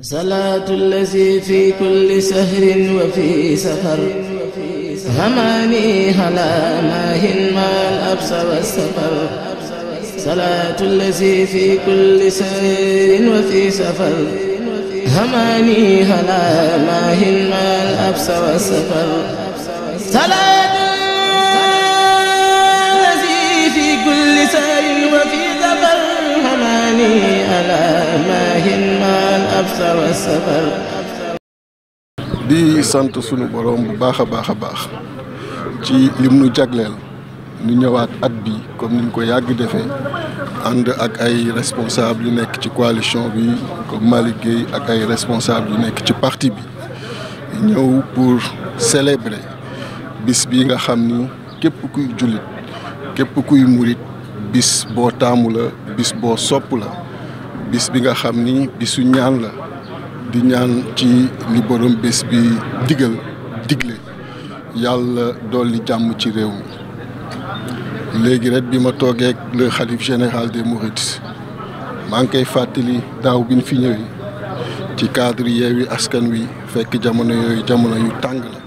salaatu lazi fi kulli sahrin wa fi safar hamaani halaa maahin maal absa wa safar salaatu lazi fi kulli sahrin wa fi safar hamaani halaa maahin maal absa wa safar salaatu lazi fi kulli sahrin wa fi safar hamaani halaa di sant sunu boroom bu baax a baax a baax ci lim nu jagleel ñu ñëwaat at bi comme niñ ko yàgg defee ànd ak ay responsable yu nekk ci coalition bi comme Malick ak ay responsable yu nekk ci parti bi ñëw pour célébrer bis bi nga xam ni képp kuy jullit képp kuy murit bis boo taamu la bis boo sopp la bis bi nga xam ni bisu ñaan la di ñaan ci li borom bés bi digal digle yàlla dolli jàmm ci réew mi léegi rek bi ma toogee ak le xalif général des Mourides maa ngi koy fàttali daaw bi ñu fi ñëwee ci cadre Yewwi Askan Wi fekk jamono yooyu jamono yu tàng la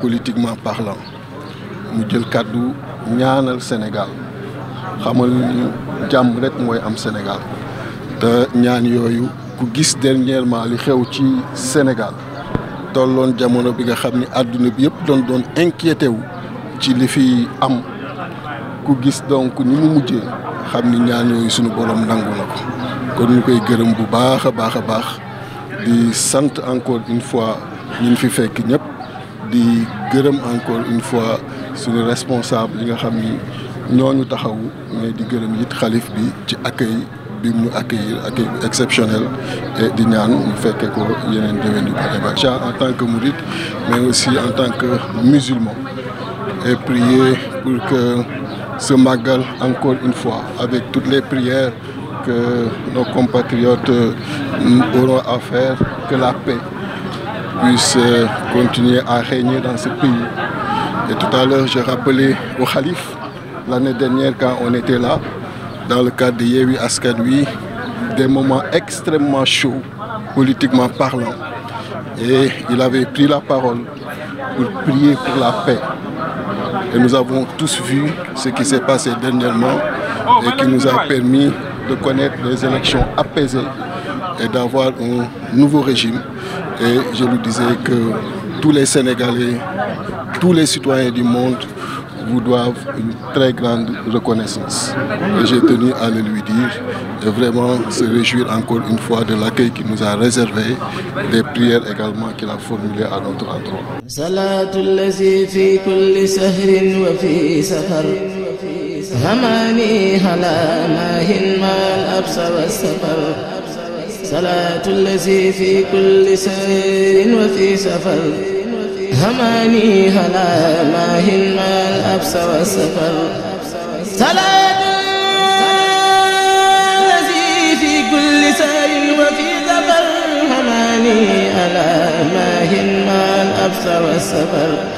politiquement parlant mu jël kàddu ñaanal senegal xamal ni jàmm rek mooy am Sénégal. te ñaan yooyu ku gis dernièrement li xew ci Sénégal tolloon jamono bi nga xam ni àdduna bi yëpp doon doon inquiété ci li fi am ku gis donc ni mu mujjee xam ni ñaan yooyu sunu borom nangu na ko kon ñu koy gërëm bu baax a baax a baax di sant encore une fois ñun fi fekk ñëpp di gërëm encore une fois suñu responsable yi nga xam ni ñoo ñu taxawu mais di gërëm it xalif bi ci accueil bi mu accueillir accueil exceptionnel et di ñaan ñu ko yeneen déwén en tant que mouride mais aussi en tant que musulman et prier pour que ce Magal encore une fois avec toutes les prières que nos compatriotes euh, auront à faire que la paix puisse euh, continuer à régner dans ce pays et tout à l'heure j'ai rappelé au Khalife l'année dernière quand on était là dans le cadre de Yewwi Askan Wi des moments extrêmement chauds politiquement parlant et il avait pris la parole pour prier pour la paix et nous avons tous vu ce qui s'est passé dernièrement et qui nous a permis de connaître des élections apaisées et d'avoir un nouveau régime et je lui disais que tous les Sénégalais tous les citoyens du monde vous doivent une très grande reconnaissance. j'ai tenu à le lui dire et vraiment se réjouir encore une fois de l'accueil qu'il nous a réservé, des prières également qu'il a formulées à notre endroit. salaatu lazi fi kulli sayrin wa fi safar هماني هلا ماهل ما الأبس والسفر صلاة الذي في كل سير وفي ذبر هماني ألا ماهل ما الأبس والسفر